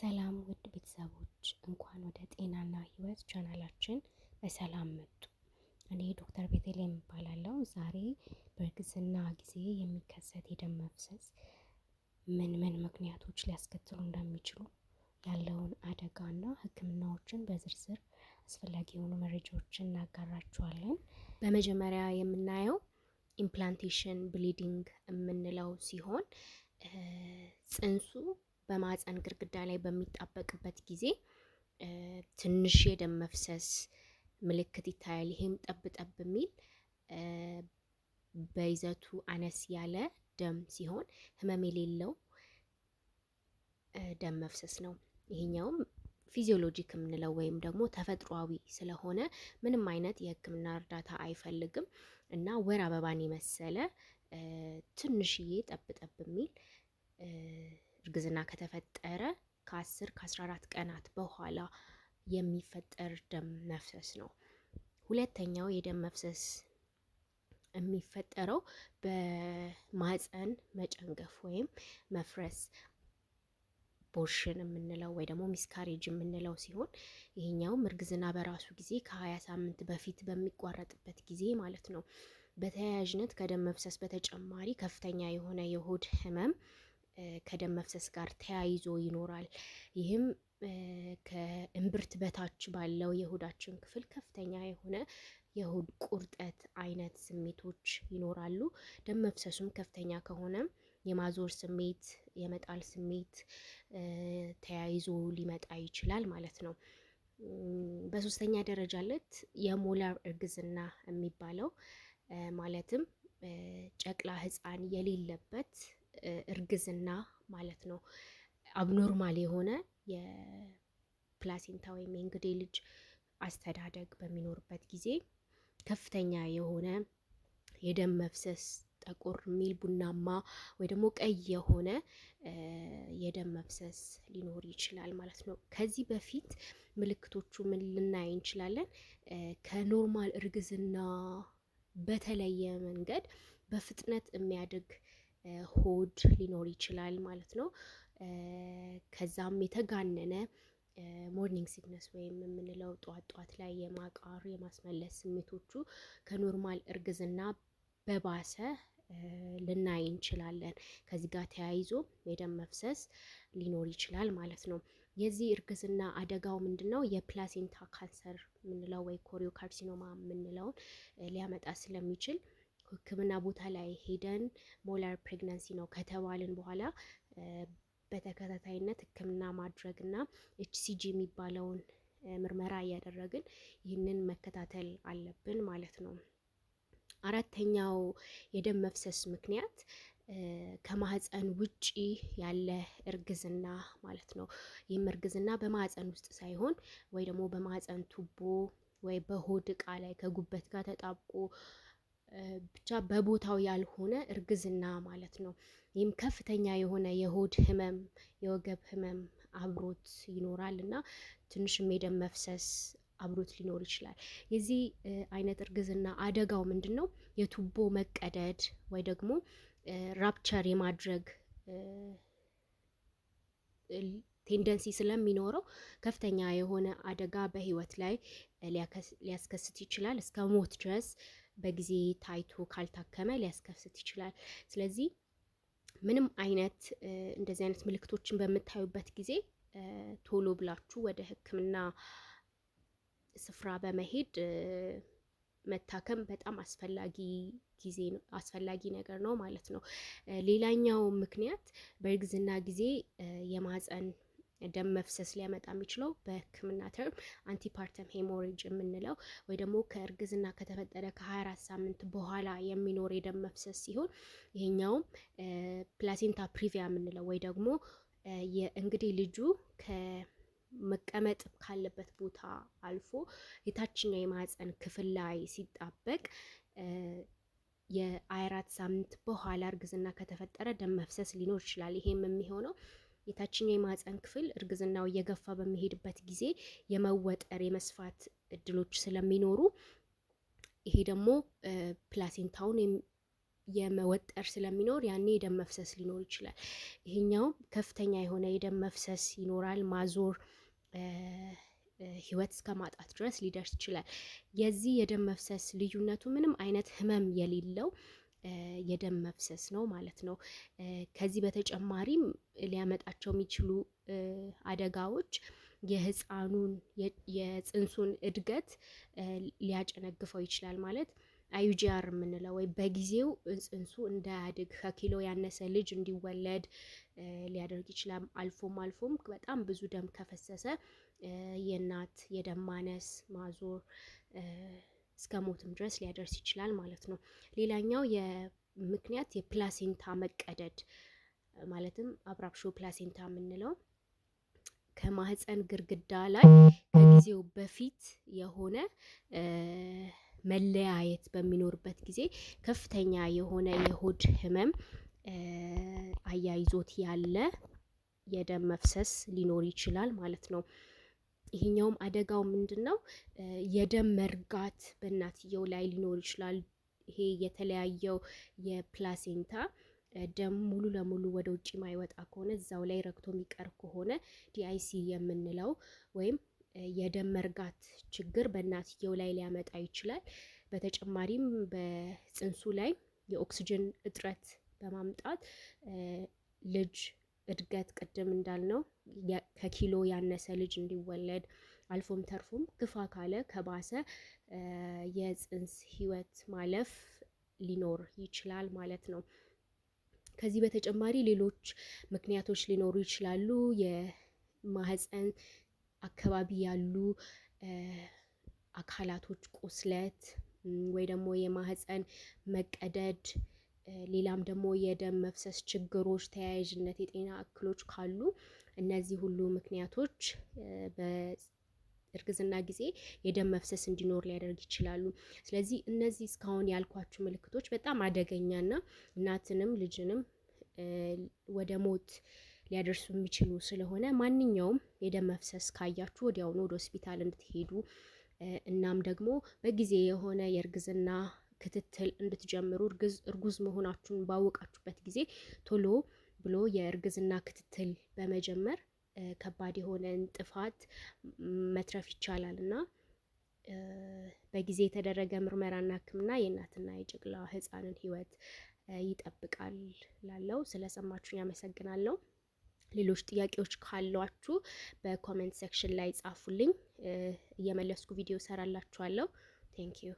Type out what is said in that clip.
ሰላም ውድ ቤተሰቦች እንኳን ወደ ጤናና ህይወት ቻናላችን በሰላም መጡ። እኔ ዶክተር ቤተልሔም እባላለሁ። ዛሬ በእርግዝና ጊዜ የሚከሰት የደም መፍሰስ ምን ምን ምክንያቶች ሊያስከትሉ እንደሚችሉ ያለውን አደጋ እና ህክምናዎችን በዝርዝር አስፈላጊ የሆኑ መረጃዎችን እናጋራችኋለን። በመጀመሪያ የምናየው ኢምፕላንቴሽን ብሊዲንግ የምንለው ሲሆን ጽንሱ በማህፀን ግድግዳ ላይ በሚጣበቅበት ጊዜ ትንሽ የደም መፍሰስ ምልክት ይታያል። ይህም ጠብ ጠብ የሚል በይዘቱ አነስ ያለ ደም ሲሆን ህመም የሌለው ደም መፍሰስ ነው። ይሄኛውም ፊዚዮሎጂክ የምንለው ወይም ደግሞ ተፈጥሯዊ ስለሆነ ምንም አይነት የህክምና እርዳታ አይፈልግም እና ወር አበባን የመሰለ ትንሽዬ ጠብ ጠብ የሚል እርግዝና ከተፈጠረ ከ10 ከ14 ቀናት በኋላ የሚፈጠር ደም መፍሰስ ነው። ሁለተኛው የደም መፍሰስ የሚፈጠረው በማህፀን መጨንገፍ ወይም መፍረስ ቦርሽን የምንለው ወይ ደግሞ ሚስካሬጅ የምንለው ሲሆን ይሄኛውም እርግዝና በራሱ ጊዜ ከሀያ ሳምንት በፊት በሚቋረጥበት ጊዜ ማለት ነው። በተያያዥነት ከደም መፍሰስ በተጨማሪ ከፍተኛ የሆነ የሆድ ህመም ከደም መፍሰስ ጋር ተያይዞ ይኖራል። ይህም ከእምብርት በታች ባለው የሆዳችን ክፍል ከፍተኛ የሆነ የሆድ ቁርጠት አይነት ስሜቶች ይኖራሉ። ደም መፍሰሱም ከፍተኛ ከሆነ የማዞር ስሜት፣ የመጣል ስሜት ተያይዞ ሊመጣ ይችላል ማለት ነው። በሶስተኛ ደረጃ ለት የሞላር እርግዝና የሚባለው ማለትም ጨቅላ ህፃን የሌለበት እርግዝና ማለት ነው። አብኖርማል የሆነ የፕላሴንታ ወይም የእንግዴ ልጅ አስተዳደግ በሚኖርበት ጊዜ ከፍተኛ የሆነ የደም መፍሰስ ጠቆር የሚል ቡናማ ወይ ደግሞ ቀይ የሆነ የደም መፍሰስ ሊኖር ይችላል ማለት ነው። ከዚህ በፊት ምልክቶቹ ምን ልናይ እንችላለን? ከኖርማል እርግዝና በተለየ መንገድ በፍጥነት የሚያድግ ሆድ ሊኖር ይችላል ማለት ነው። ከዛም የተጋነነ ሞርኒንግ ሲክነስ ወይም የምንለው ጠዋት ጠዋት ላይ የማቃር የማስመለስ ስሜቶቹ ከኖርማል እርግዝና በባሰ ልናይ እንችላለን። ከዚህ ጋር ተያይዞ የደም መፍሰስ ሊኖር ይችላል ማለት ነው። የዚህ እርግዝና አደጋው ምንድን ነው? የፕላሴንታ ካንሰር የምንለው ወይ ኮሪዮካርሲኖማ የምንለውን ሊያመጣ ስለሚችል ሕክምና ቦታ ላይ ሄደን ሞላር ፕሬግናንሲ ነው ከተባልን በኋላ በተከታታይነት ሕክምና ማድረግ እና ኤችሲጂ የሚባለውን ምርመራ እያደረግን ይህንን መከታተል አለብን ማለት ነው። አራተኛው የደም መፍሰስ ምክንያት ከማህፀን ውጪ ያለ እርግዝና ማለት ነው። ይህም እርግዝና በማህፀን ውስጥ ሳይሆን ወይ ደግሞ በማህፀን ቱቦ ወይ በሆድ እቃ ላይ ከጉበት ጋር ተጣብቆ ብቻ በቦታው ያልሆነ እርግዝና ማለት ነው። ይህም ከፍተኛ የሆነ የሆድ ህመም፣ የወገብ ህመም አብሮት ይኖራል እና ትንሽም የደም መፍሰስ አብሮት ሊኖር ይችላል። የዚህ አይነት እርግዝና አደጋው ምንድን ነው? የቱቦ መቀደድ ወይ ደግሞ ራፕቸር የማድረግ ቴንደንሲ ስለሚኖረው ከፍተኛ የሆነ አደጋ በህይወት ላይ ሊያስከስት ይችላል እስከ ሞት ድረስ በጊዜ ታይቶ ካልታከመ ሊያስከስት ይችላል። ስለዚህ ምንም አይነት እንደዚህ አይነት ምልክቶችን በምታዩበት ጊዜ ቶሎ ብላችሁ ወደ ሕክምና ስፍራ በመሄድ መታከም በጣም አስፈላጊ ጊዜ አስፈላጊ ነገር ነው ማለት ነው። ሌላኛው ምክንያት በእርግዝና ጊዜ የማህፀን ደም መፍሰስ ሊያመጣ የሚችለው በህክምና ተርም አንቲፓርተም ሄሞሬጅ የምንለው ወይ ደግሞ ከእርግዝና ከተፈጠረ ከ24 ሳምንት በኋላ የሚኖር የደም መፍሰስ ሲሆን ይሄኛውም ፕላሴንታ ፕሪቪያ የምንለው ወይ ደግሞ እንግዲህ ልጁ ከመቀመጥ ካለበት ቦታ አልፎ የታችኛው የማህፀን ክፍል ላይ ሲጣበቅ የአራት ሳምንት በኋላ እርግዝና ከተፈጠረ ደም መፍሰስ ሊኖር ይችላል። ይሄም የሚሆነው የታችኛው የማህፀን ክፍል እርግዝናው እየገፋ በሚሄድበት ጊዜ የመወጠር የመስፋት እድሎች ስለሚኖሩ ይሄ ደግሞ ፕላሴንታውን የመወጠር ስለሚኖር ያኔ የደም መፍሰስ ሊኖር ይችላል። ይሄኛውም ከፍተኛ የሆነ የደም መፍሰስ ይኖራል። ማዞር ህይወት እስከ ማጣት ድረስ ሊደርስ ይችላል። የዚህ የደም መፍሰስ ልዩነቱ ምንም አይነት ህመም የሌለው የደም መፍሰስ ነው ማለት ነው። ከዚህ በተጨማሪም ሊያመጣቸው የሚችሉ አደጋዎች የህፃኑን የፅንሱን እድገት ሊያጨነግፈው ይችላል ማለት አዩጂአር የምንለው ወይ በጊዜው ፅንሱ እንዳያድግ ከኪሎ ያነሰ ልጅ እንዲወለድ ሊያደርግ ይችላል። አልፎም አልፎም በጣም ብዙ ደም ከፈሰሰ የእናት የደም ማነስ ማዞር እስከ ሞትም ድረስ ሊያደርስ ይችላል ማለት ነው። ሌላኛው ምክንያት የፕላሴንታ መቀደድ ማለትም አብራፕሾ ፕላሴንታ የምንለው ከማህፀን ግርግዳ ላይ ከጊዜው በፊት የሆነ መለያየት በሚኖርበት ጊዜ ከፍተኛ የሆነ የሆድ ህመም አያይዞት ያለ የደም መፍሰስ ሊኖር ይችላል ማለት ነው። ይሄኛውም አደጋው ምንድን ነው? የደም መርጋት በእናትየው ላይ ሊኖር ይችላል። ይሄ የተለያየው የፕላሴንታ ደም ሙሉ ለሙሉ ወደ ውጭ ማይወጣ ከሆነ እዛው ላይ ረግቶ የሚቀር ከሆነ ዲአይሲ የምንለው ወይም የደም መርጋት ችግር በእናትየው ላይ ሊያመጣ ይችላል። በተጨማሪም በጽንሱ ላይ የኦክስጅን እጥረት በማምጣት ልጅ እድገት ቅድም እንዳልነው ከኪሎ ያነሰ ልጅ እንዲወለድ አልፎም ተርፎም ክፋ ካለ ከባሰ የጽንስ ህይወት ማለፍ ሊኖር ይችላል ማለት ነው። ከዚህ በተጨማሪ ሌሎች ምክንያቶች ሊኖሩ ይችላሉ። የማህፀን አካባቢ ያሉ አካላቶች ቁስለት ወይ ደግሞ የማህፀን መቀደድ ሌላም ደግሞ የደም መፍሰስ ችግሮች፣ ተያያዥነት የጤና እክሎች ካሉ እነዚህ ሁሉ ምክንያቶች በእርግዝና ጊዜ የደም መፍሰስ እንዲኖር ሊያደርግ ይችላሉ። ስለዚህ እነዚህ እስካሁን ያልኳችሁ ምልክቶች በጣም አደገኛና እናትንም ልጅንም ወደ ሞት ሊያደርሱ የሚችሉ ስለሆነ ማንኛውም የደም መፍሰስ ካያችሁ ወዲያውኑ ወደ ሆስፒታል እንድትሄዱ እናም ደግሞ በጊዜ የሆነ የእርግዝና ክትትል እንድትጀምሩ እርጉዝ መሆናችሁን ባወቃችሁበት ጊዜ ቶሎ ብሎ የእርግዝና ክትትል በመጀመር ከባድ የሆነ ጥፋት መትረፍ ይቻላል እና በጊዜ የተደረገ ምርመራና ሕክምና የእናትና የጨቅላ ሕፃንን ሕይወት ይጠብቃል። ላለው ስለሰማችሁኝ አመሰግናለሁ። ሌሎች ጥያቄዎች ካሏችሁ በኮሜንት ሴክሽን ላይ ጻፉልኝ፣ እየመለስኩ ቪዲዮ ሰራላችኋለሁ። ቴንክ ዩ